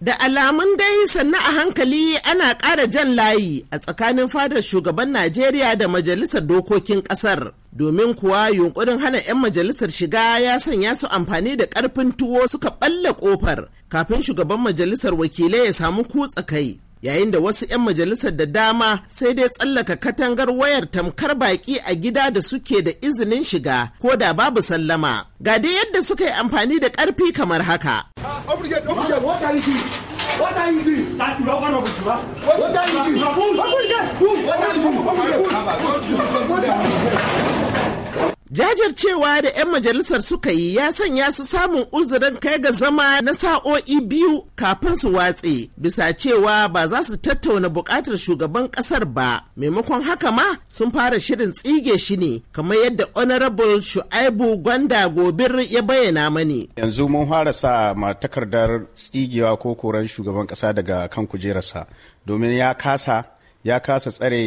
Da alamun dai sannu a hankali ana ƙara jan layi a tsakanin fadar shugaban Najeriya da majalisar dokokin ƙasar. Domin kuwa yunkurin hana 'yan majalisar shiga ya sanya su amfani da ƙarfin tuwo suka ɓalla ƙofar kafin shugaban majalisar wakilai ya samu kutsa kai. Yayin da wasu 'yan majalisar da dama sai dai tsallaka katangar wayar tamkar baƙi a gida da suke da izinin shiga ko da babu sallama. Ga dai yadda suka yi amfani da ƙarfi kamar haka. what are you doing? What are you doing? That you don't want to do. What are you doing? What are you doing? Jajircewa da 'yan majalisar suka yi ya sanya su samun uzurin kai ga zama na sa'o'i biyu kafin su watse bisa cewa ba za su tattauna buƙatar shugaban ƙasar ba. Maimakon haka ma sun fara shirin tsige shi ne kamar yadda Honorable Shu'aibu Gwanda Gobir ya bayyana mani. Yanzu mun fara sa ma takardar tsigewa ko koran shugaban ƙasa daga kan kujerarsa domin ya kasa ya kasa tsare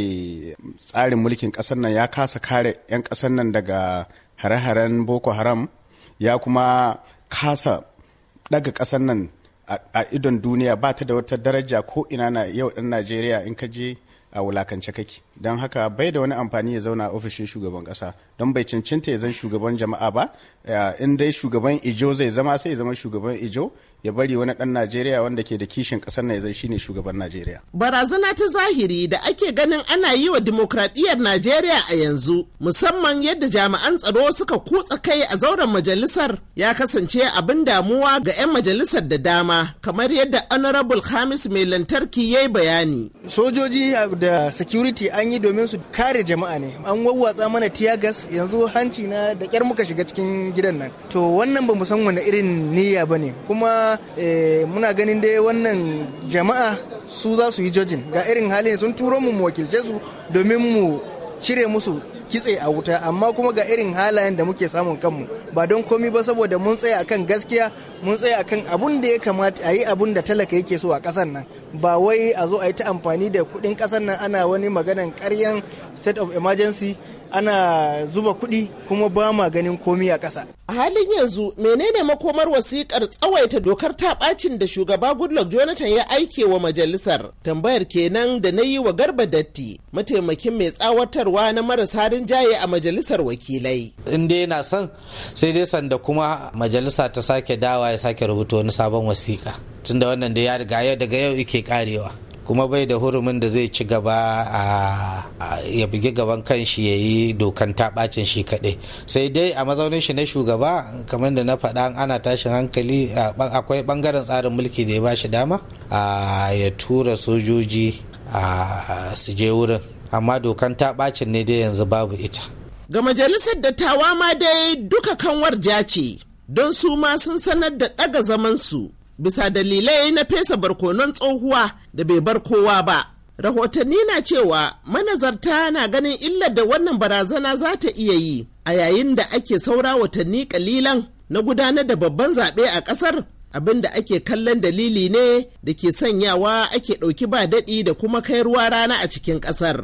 tsarin mulkin ƙasar nan ya kasa kare 'yan kasar nan daga hare-haren boko haram ya kuma kasa daga kasar nan a idon duniya ba ta da wata daraja ko ina na yau ɗan najeriya in ka je a wulakance kake don haka bai da wani amfani ya zauna a ofishin shugaban kasa don bai cincinta ya zan shugaban jama'a ba in dai shugaban ijo zai zama sai ya zama shugaban ijo ya bari wani dan najeriya wanda ke da kishin kasar na ya zai shine shugaban najeriya barazana ta zahiri da ake ganin ana yi wa dimokuraɗiyyar najeriya a yanzu musamman yadda jami'an tsaro suka kutsa kai a zauren majalisar ya kasance abin damuwa ga 'yan majalisar da dama kamar yadda honorable hamis mai lantarki ya yi bayani sojoji da security an yi domin su kare jama'a ne an wawwatsa mana tiyagas yanzu hanci na da kyar muka shiga cikin gidan nan to wannan bamu san wani irin niyya ba ne kuma eh, muna ganin dai wannan jama'a su za su yi jojin ga irin halin sun turo mu mu wakilce su domin mu cire musu kitse a wuta amma kuma ga irin halayen da muke samun kanmu ba don komi ba saboda mun tsaya kan gaskiya mun tsaya kan abun da ya kamata a yi abun da talaka yake so a ƙasar nan ba wai a zo a yi ta amfani da kuɗin ƙasar nan ana wani maganan karyan state of emergency ana zuba kuɗi kuma ba ma ganin komi a ƙasa. A halin yanzu menene makomar wasikar tsawaita dokar ta ɓacin da shugaba Goodluck Jonathan ya aike wa majalisar? Tambayar kenan da na yi wa Garba Datti mataimakin mai tsawatarwa na marasa rinjaye a majalisar wakilai. In dai yana son sai dai sanda kuma majalisa ta sake dawa ya sake rubuta wani sabon wasiƙa. Tunda wannan da ya riga yau daga yau ike karewa. kuma bai da hurumin da zai ci gaba a ya bugi gaban kanshi ya yi dokan taɓacin shi kaɗai sai dai a mazaunin shi na shugaba kamar da na faɗa ana tashin hankali akwai ɓangaren tsarin mulki da ya ba shi dama ya tura sojoji su je wurin amma dokan taɓacin ne dai yanzu babu ita ga majalisar dattawa ma dai duka kanwar ja don su ma sun sanar da ɗaga zamansu bisa dalilai na fesa barkonon tsohuwa da bai bar kowa ba. Rahotanni na cewa manazarta na ganin illar da wannan barazana za ta iya yi a yayin da ake saura watanni kalilan na gudanar da babban zaɓe a ƙasar abin da ake kallon dalili ne da ke sanyawa ake ɗauki ba daɗi da kuma kai ruwa rana a cikin ƙasar.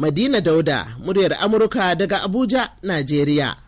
Madina Dauda, muryar Amurka daga Abuja, Najeriya.